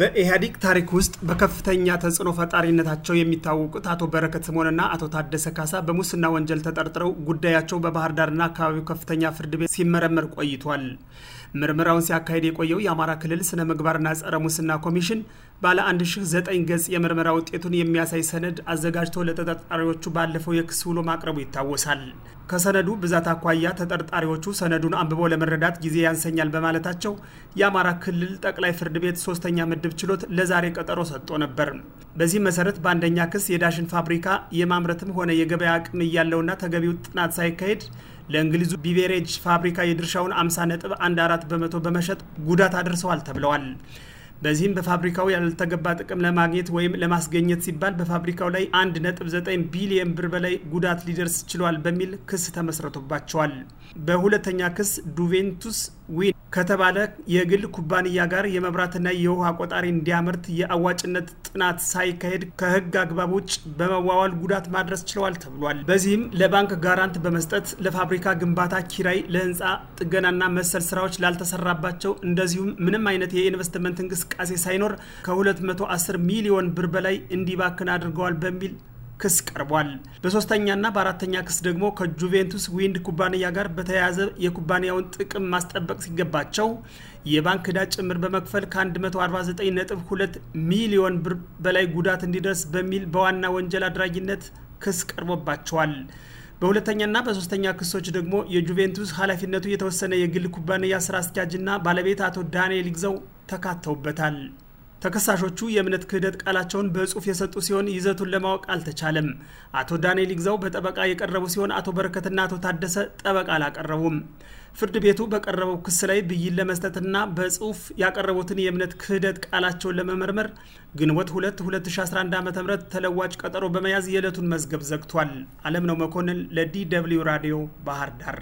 በኢህአዴግ ታሪክ ውስጥ በከፍተኛ ተጽዕኖ ፈጣሪነታቸው የሚታወቁት አቶ በረከት ስምኦንና አቶ ታደሰ ካሳ በሙስና ወንጀል ተጠርጥረው ጉዳያቸው በባህር ዳርና አካባቢው ከፍተኛ ፍርድ ቤት ሲመረመር ቆይቷል። ምርመራውን ሲያካሄድ የቆየው የአማራ ክልል ስነ ምግባርና ጸረ ሙስና ኮሚሽን ባለ 1009 ገጽ የምርመራ ውጤቱን የሚያሳይ ሰነድ አዘጋጅቶ ለተጠርጣሪዎቹ ባለፈው የክስ ውሎ ማቅረቡ ይታወሳል። ከሰነዱ ብዛት አኳያ ተጠርጣሪዎቹ ሰነዱን አንብበው ለመረዳት ጊዜ ያንሰኛል በማለታቸው የአማራ ክልል ጠቅላይ ፍርድ ቤት ሶስተኛ ምድብ ችሎት ለዛሬ ቀጠሮ ሰጥቶ ነበር። በዚህ መሰረት በአንደኛ ክስ የዳሽን ፋብሪካ የማምረትም ሆነ የገበያ አቅም እያለውና ተገቢው ጥናት ሳይካሄድ ለእንግሊዙ ቢቬሬጅ ፋብሪካ የድርሻውን 50.14 በመቶ በመሸጥ ጉዳት አድርሰዋል ተብለዋል። በዚህም በፋብሪካው ያልተገባ ጥቅም ለማግኘት ወይም ለማስገኘት ሲባል በፋብሪካው ላይ 1.9 ቢሊየን ብር በላይ ጉዳት ሊደርስ ችሏል በሚል ክስ ተመስርቶባቸዋል። በሁለተኛ ክስ ዱቬንቱስ ዊን ከተባለ የግል ኩባንያ ጋር የመብራትና የውሃ ቆጣሪ እንዲያመርት የአዋጭነት ጥናት ሳይካሄድ ከህግ አግባብ ውጭ በመዋዋል ጉዳት ማድረስ ችለዋል ተብሏል። በዚህም ለባንክ ጋራንት በመስጠት ለፋብሪካ ግንባታ ኪራይ፣ ለህንፃ ጥገናና መሰል ስራዎች ላልተሰራባቸው እንደዚሁም ምንም አይነት የኢንቨስትመንት እንቅስቃሴ ሳይኖር ከ210 ሚሊዮን ብር በላይ እንዲባክን አድርገዋል በሚል ክስ ቀርቧል። በሶስተኛና በአራተኛ ክስ ደግሞ ከጁቬንቱስ ዊንድ ኩባንያ ጋር በተያያዘ የኩባንያውን ጥቅም ማስጠበቅ ሲገባቸው የባንክ ዕዳ ጭምር በመክፈል ከ149.2 ሚሊዮን ብር በላይ ጉዳት እንዲደርስ በሚል በዋና ወንጀል አድራጊነት ክስ ቀርቦባቸዋል። በሁለተኛና በሶስተኛ ክሶች ደግሞ የጁቬንቱስ ኃላፊነቱ የተወሰነ የግል ኩባንያ ስራ አስኪያጅና ባለቤት አቶ ዳንኤል ይግዘው ተካተውበታል። ተከሳሾቹ የእምነት ክህደት ቃላቸውን በጽሁፍ የሰጡ ሲሆን ይዘቱን ለማወቅ አልተቻለም። አቶ ዳንኤል ይግዛው በጠበቃ የቀረቡ ሲሆን አቶ በረከትና አቶ ታደሰ ጠበቃ አላቀረቡም። ፍርድ ቤቱ በቀረበው ክስ ላይ ብይን ለመስጠትና በጽሁፍ ያቀረቡትን የእምነት ክህደት ቃላቸውን ለመመርመር ግንቦት 2 2011 ዓ ም ተለዋጭ ቀጠሮ በመያዝ የዕለቱን መዝገብ ዘግቷል። አለም ነው መኮንን ለዲ ደብልዩ ራዲዮ ባህር ዳር